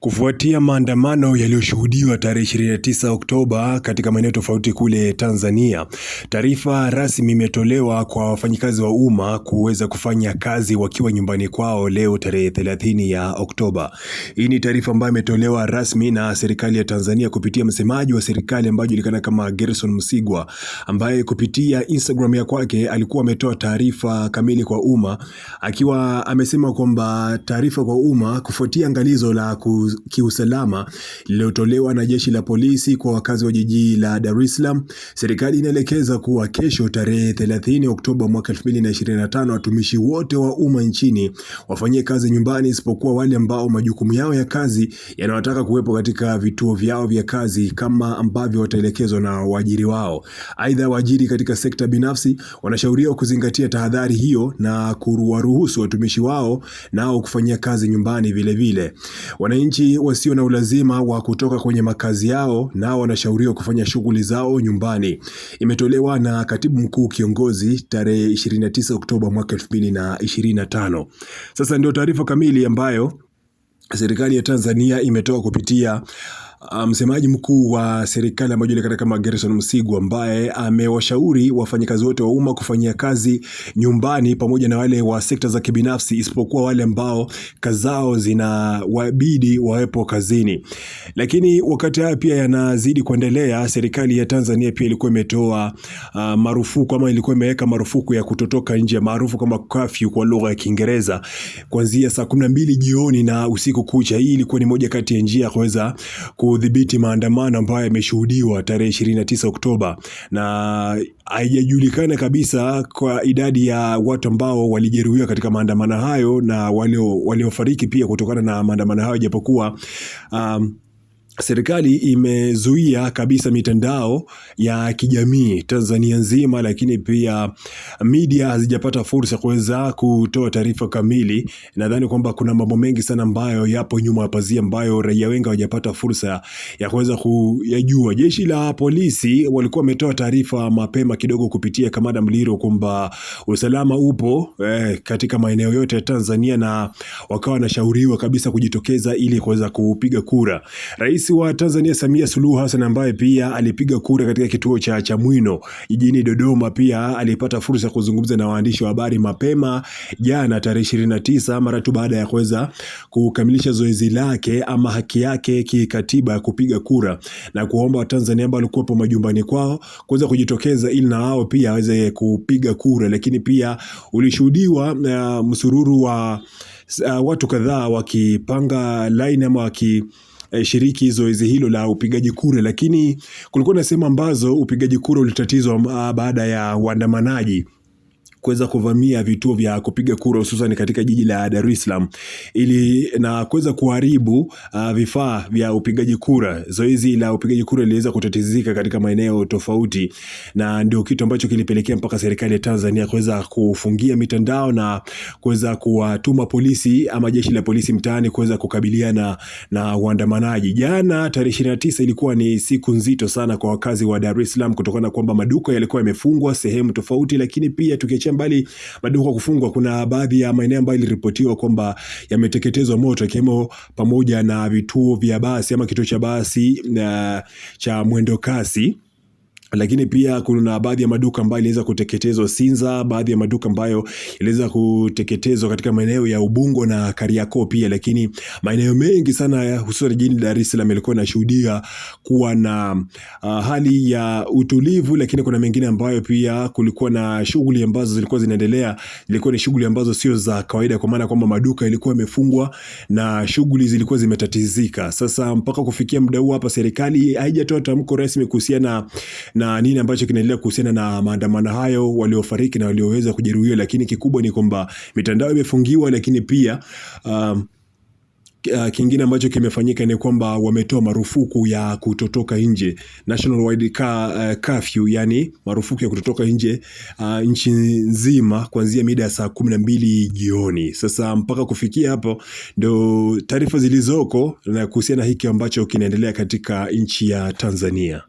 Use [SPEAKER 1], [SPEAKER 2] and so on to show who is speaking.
[SPEAKER 1] Kufuatia maandamano yaliyoshuhudiwa tarehe 29 Oktoba katika maeneo tofauti kule Tanzania, taarifa rasmi imetolewa kwa wafanyikazi wa umma kuweza kufanya kazi wakiwa nyumbani kwao leo tarehe 30 ya Oktoba. Hii ni taarifa ambayo imetolewa rasmi na serikali ya Tanzania kupitia msemaji wa serikali ambaye anajulikana kama Gerson Msigwa, ambaye kupitia Instagram ya kwake alikuwa ametoa taarifa kamili kwa umma, akiwa amesema kwamba taarifa kwa umma kufuatia angalizo la ku kiusalama lililotolewa na jeshi la polisi kwa wakazi wa jiji la Dar es Salaam, serikali inaelekeza kuwa kesho tarehe 30 Oktoba mwaka 2025 watumishi wote wa umma nchini wafanyie kazi nyumbani isipokuwa wale ambao majukumu yao ya kazi yanawataka kuwepo katika vituo vyao vya kazi kama ambavyo wataelekezwa na waajiri wao. Aidha, waajiri katika sekta binafsi wanashauriwa kuzingatia tahadhari hiyo na kuwaruhusu watumishi wao nao kufanyia kazi nyumbani vilevile. Wananchi Wananchi wasio na ulazima wa kutoka kwenye makazi yao nao wanashauriwa kufanya shughuli zao nyumbani. Imetolewa na Katibu Mkuu Kiongozi tarehe 29 Oktoba mwaka 2025. Sasa ndio taarifa kamili ambayo serikali ya Tanzania imetoa kupitia Ah, msemaji um, mkuu wa serikali ambaye anajulikana kama Gerson Msigu ambaye amewashauri wafanyakazi wote wa umma kufanyia kazi nyumbani pamoja na wale wa sekta za kibinafsi isipokuwa wale ambao kazi zao zinawabidi wawepo kazini. Lakini wakati haya pia yanazidi kuendelea, serikali ya Tanzania pia ilikuwa imetoa uh, marufuku ama ilikuwa imeweka marufuku ya kutotoka nje maarufu kama curfew kwa lugha ya Kiingereza kuanzia saa 12 jioni na usiku kucha. Hii ilikuwa ni moja kati ya njia ya kuweza ku kudhibiti maandamano ambayo yameshuhudiwa tarehe 29 Oktoba, na haijajulikana kabisa kwa idadi ya watu ambao walijeruhiwa katika maandamano hayo na waliofariki pia kutokana na maandamano hayo, japokuwa um, Serikali imezuia kabisa mitandao ya kijamii Tanzania nzima, lakini pia media hazijapata fursa kuweza kutoa taarifa kamili. Nadhani kwamba kuna mambo mengi sana ambayo yapo nyuma ya pazia ambayo raia wengi hawajapata fursa ya kuweza kuyajua. Jeshi la polisi walikuwa wametoa taarifa mapema kidogo kupitia kamanda Mliro kwamba usalama upo eh, katika maeneo yote ya Tanzania na wakawa wanashauriwa kabisa kujitokeza ili kuweza kupiga kura. Rais wa Tanzania Samia Suluhu Hassan ambaye pia alipiga kura katika kituo cha Chamwino jijini Dodoma, pia alipata fursa ya kuzungumza na waandishi wa habari mapema jana tarehe 29 mara tu baada ya kuweza kukamilisha zoezi lake ama haki yake kikatiba ya kupiga kura na kuomba Watanzania ambao walikuwepo majumbani kwao kuweza kujitokeza ili na wao pia waweze kupiga kura, lakini pia ulishuhudiwa uh, msururu wa uh, watu kadhaa wakipanga line ama waki eh, shiriki zoezi hilo la upigaji kura, lakini kulikuwa na sehemu ambazo upigaji kura ulitatizwa ah, baada ya waandamanaji kuweza kuvamia vituo vya kupiga kura hususan katika jiji la Dar es Salaam ili na kuweza kuharibu uh, vifaa vya upigaji kura. Zoezi la upigaji kura liliweza kutatizika katika maeneo tofauti, na ndio kitu ambacho kilipelekea mpaka serikali ya Tanzania kuweza kufungia mitandao na kuweza kuwatuma polisi ama jeshi la polisi mtaani kuweza kukabiliana na waandamanaji. Jana tarehe 29 ilikuwa ni siku nzito sana kwa wakazi wa Dar es Salaam kutokana kwamba maduka yalikuwa yamefungwa sehemu tofauti, lakini pia tukiacha ukiacha mbali maduka kufungwa, kuna baadhi ya maeneo ambayo iliripotiwa kwamba yameteketezwa moto, ikiwemo pamoja na vituo vya basi ama kituo cha basi na cha mwendo kasi lakini pia kuna baadhi ya maduka ambayo iliweza kuteketezwa Sinza, baadhi ya maduka ambayo iliweza kuteketezwa katika maeneo ya Ubungo na Kariakoo pia, lakini maeneo mengi sana hususan jijini Dar es Salaam yalikuwa yanashuhudia kuwa na uh, hali ya utulivu, lakini kuna mengine ambayo pia kulikuwa na shughuli ambazo zilikuwa zinaendelea, zilikuwa ni shughuli ambazo sio za kawaida, kwa maana kwamba maduka yalikuwa yamefungwa na shughuli zilikuwa zimetatizika. Sasa mpaka kufikia muda huu hapa serikali haijatoa tamko rasmi kuhusiana na nini ambacho kinaendelea kuhusiana na maandamano hayo, waliofariki na walioweza kujeruhiwa. Lakini kikubwa ni kwamba mitandao imefungiwa, lakini pia um, Uh, kingine ambacho kimefanyika ni kwamba wametoa marufuku ya kutotoka nje, national wide uh, curfew, yani marufuku ya kutotoka nje uh, nchi nzima kuanzia mida ya saa kumi na mbili jioni. Sasa mpaka kufikia hapo ndo taarifa zilizoko na kuhusiana hiki ambacho kinaendelea katika nchi ya Tanzania.